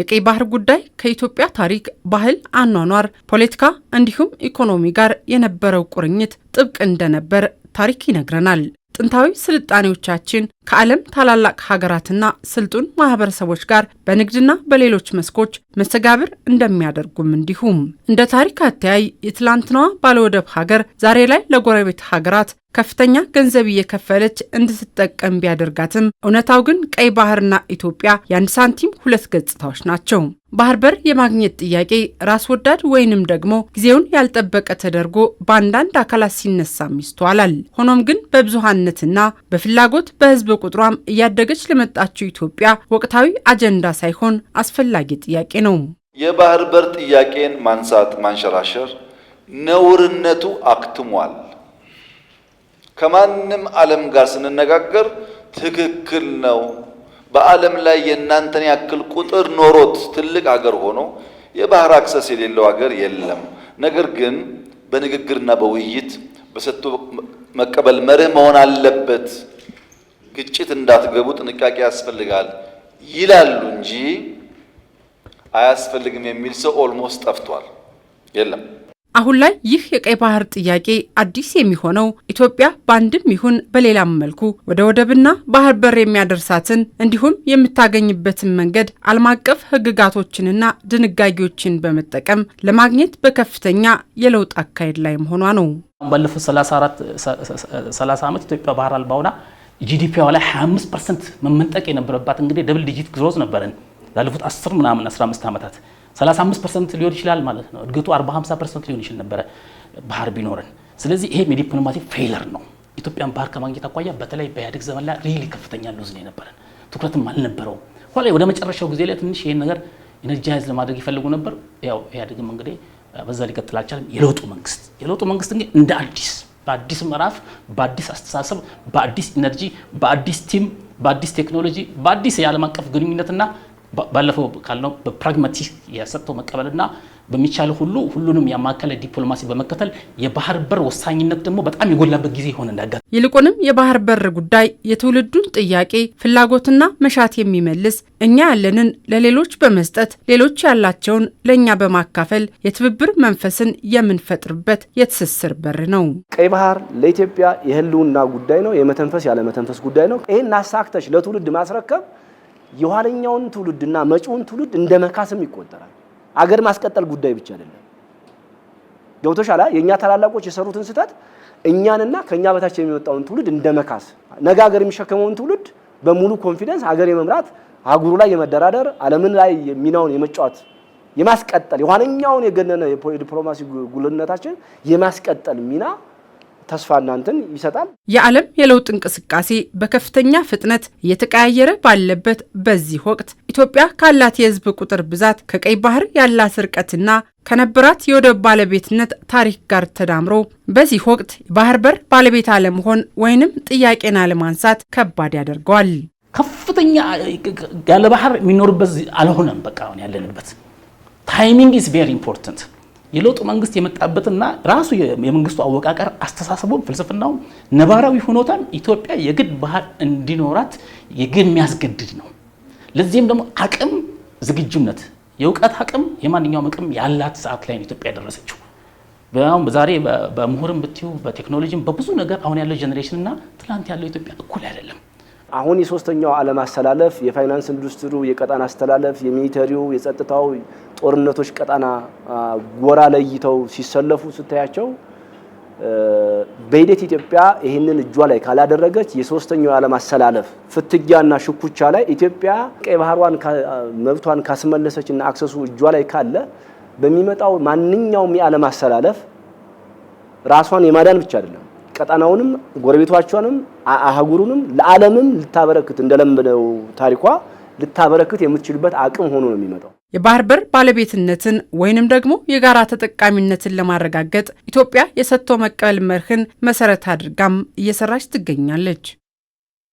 የቀይ ባህር ጉዳይ ከኢትዮጵያ ታሪክ፣ ባህል፣ አኗኗር፣ ፖለቲካ እንዲሁም ኢኮኖሚ ጋር የነበረው ቁርኝት ጥብቅ እንደነበር ታሪክ ይነግረናል። ጥንታዊ ስልጣኔዎቻችን ከዓለም ታላላቅ ሀገራትና ስልጡን ማህበረሰቦች ጋር በንግድና በሌሎች መስኮች መስተጋብር እንደሚያደርጉም እንዲሁም እንደ ታሪክ አተያይ የትላንትናዋ ባለወደብ ሀገር ዛሬ ላይ ለጎረቤት ሀገራት ከፍተኛ ገንዘብ እየከፈለች እንድትጠቀም ቢያደርጋትም እውነታው ግን ቀይ ባህርና ኢትዮጵያ የአንድ ሳንቲም ሁለት ገጽታዎች ናቸው። ባህር በር የማግኘት ጥያቄ ራስ ወዳድ ወይንም ደግሞ ጊዜውን ያልጠበቀ ተደርጎ በአንዳንድ አካላት ሲነሳም ይስተዋላል። ሆኖም ግን በብዙሃነትና በፍላጎት በህዝብ ቁጥሯም እያደገች ለመጣችው ኢትዮጵያ ወቅታዊ አጀንዳ ሳይሆን አስፈላጊ ጥያቄ ነው። የባህር በር ጥያቄን ማንሳት ማንሸራሸር ነውርነቱ አክትሟል። ከማንም ዓለም ጋር ስንነጋገር ትክክል ነው። በዓለም ላይ የእናንተን ያክል ቁጥር ኖሮት ትልቅ አገር ሆኖ የባህር አክሰስ የሌለው አገር የለም። ነገር ግን በንግግርና በውይይት በሰጥቶ መቀበል መርህ መሆን አለበት። ግጭት እንዳትገቡ ጥንቃቄ ያስፈልጋል ይላሉ እንጂ አያስፈልግም የሚል ሰው ኦልሞስት ጠፍቷል፣ የለም። አሁን ላይ ይህ የቀይ ባህር ጥያቄ አዲስ የሚሆነው ኢትዮጵያ በአንድም ይሁን በሌላም መልኩ ወደ ወደብና ባህር በር የሚያደርሳትን እንዲሁም የምታገኝበትን መንገድ ዓለም አቀፍ ሕግጋቶችንና ድንጋጌዎችን በመጠቀም ለማግኘት በከፍተኛ የለውጥ አካሄድ ላይ መሆኗ ነው። ባለፉት 34 ዓመት ኢትዮጵያ ባህር አልባ ሆና ጂዲፒዋ ላይ 25 ፐርሰንት መመንጠቅ የነበረባት እንግዲህ ደብል ዲጂት ግሮዝ ነበረን ላለፉት 10 ምናምን 15 ዓመታት 35 ፐርሰንት ሊሆን ይችላል ማለት ነው። እድገቱ 40 50 ፐርሰንት ሊሆን ይችል ነበረ ባህር ቢኖረን። ስለዚህ ይሄም የዲፕሎማቲክ ፌይለር ነው። ኢትዮጵያን ባህር ከማግኘት አኳያ በተለይ በኢህአዴግ ዘመን ላይ ሪሊ ከፍተኛ ሉዝ ነው የነበረን። ትኩረትም አልነበረውም። ኋላ ወደ መጨረሻው ጊዜ ላይ ትንሽ ይህን ነገር ኢነርጂይዝ ለማድረግ ይፈልጉ ነበር። ያው ኢህአዴግም እንግዲህ በዛ ሊቀጥል አልቻለም። የለውጡ መንግስት የለውጡ መንግስት እንግዲህ እንደ አዲስ በአዲስ ምዕራፍ፣ በአዲስ አስተሳሰብ፣ በአዲስ ኢነርጂ፣ በአዲስ ቲም፣ በአዲስ ቴክኖሎጂ፣ በአዲስ የዓለም አቀፍ ግንኙነትና ባለፈው ካልነው በፕራግማቲክ የሰጥቶ መቀበልና በሚቻለ ሁሉ ሁሉንም ያማከለ ዲፕሎማሲ በመከተል የባህር በር ወሳኝነት ደግሞ በጣም የጎላበት ጊዜ ሆነ እንዳጋ ይልቁንም የባህር በር ጉዳይ የትውልዱን ጥያቄ ፍላጎትና መሻት የሚመልስ እኛ ያለንን ለሌሎች በመስጠት ሌሎች ያላቸውን ለእኛ በማካፈል የትብብር መንፈስን የምንፈጥርበት የትስስር በር ነው። ቀይ ባህር ለኢትዮጵያ የህልውና ጉዳይ ነው። የመተንፈስ ያለመተንፈስ ጉዳይ ነው። ይህን አሳክተሽ ለትውልድ ማስረከብ የኋለኛውን ትውልድና መጪውን ትውልድ እንደ መካስም ይቆጠራል። አገር ማስቀጠል ጉዳይ ብቻ አይደለም። ገብቶሻል? የእኛ ታላላቆች የሰሩትን ስህተት እኛንና ከእኛ በታች የሚወጣውን ትውልድ እንደ መካስ ነገ ሀገር የሚሸከመውን ትውልድ በሙሉ ኮንፊደንስ ሀገር የመምራት አህጉሩ ላይ የመደራደር ዓለምን ላይ ሚናውን የመጫወት የማስቀጠል የኋነኛውን የገነነ የዲፕሎማሲ ጉልነታችን የማስቀጠል ሚና ተስፋ እናንትን ይሰጣል። የዓለም የለውጥ እንቅስቃሴ በከፍተኛ ፍጥነት እየተቀያየረ ባለበት በዚህ ወቅት ኢትዮጵያ ካላት የህዝብ ቁጥር ብዛት፣ ከቀይ ባህር ያላት ርቀትና ከነበራት የወደብ ባለቤትነት ታሪክ ጋር ተዳምሮ በዚህ ወቅት የባህር በር ባለቤት አለመሆን ወይንም ጥያቄን አለማንሳት ከባድ ያደርገዋል። ከፍተኛ ያለ ባህር የሚኖርበት አልሆነም። በቃ ያለንበት ታይሚንግ ኢዝ ቬሪ ኢምፖርታንት የለውጡ መንግስት የመጣበትና ራሱ የመንግስቱ አወቃቀር አስተሳሰቡም ፍልስፍናው ነባራዊ ሁኔታም ኢትዮጵያ የግድ ባህል እንዲኖራት የሚያስገድድ ነው። ለዚህም ደግሞ አቅም፣ ዝግጁነት፣ የእውቀት አቅም የማንኛውም አቅም ያላት ሰዓት ላይ ኢትዮጵያ ያደረሰችው በሁም ዛሬ በምሁርም ብትዩ በቴክኖሎጂም በብዙ ነገር አሁን ያለው ጀኔሬሽን እና ትናንት ያለው ኢትዮጵያ እኩል አይደለም። አሁን የሶስተኛው ዓለም አስተላለፍ የፋይናንስ ኢንዱስትሪው የቀጣና አስተላለፍ የሚሊተሪው የጸጥታው ጦርነቶች ቀጣና ጎራ ለይተው ሲሰለፉ ስታያቸው በሂደት ኢትዮጵያ ይህንን እጇ ላይ ካላደረገች የሶስተኛው ዓለም አሰላለፍ ፍትጊያና ሽኩቻ ላይ ኢትዮጵያ ቀይ ባህሯን መብቷን ካስመለሰች እና አክሰሱ እጇ ላይ ካለ በሚመጣው ማንኛውም የዓለም አሰላለፍ ራሷን የማዳን ብቻ አይደለም ቀጠናውንም ጎረቤቶቿንም አህጉሩንም ለዓለምም ልታበረክት እንደለመደው ታሪኳ ልታበረክት የምትችልበት አቅም ሆኖ ነው የሚመጣው። የባህር በር ባለቤትነትን ወይንም ደግሞ የጋራ ተጠቃሚነትን ለማረጋገጥ ኢትዮጵያ የሰጥቶ መቀበል መርህን መሰረት አድርጋም እየሰራች ትገኛለች።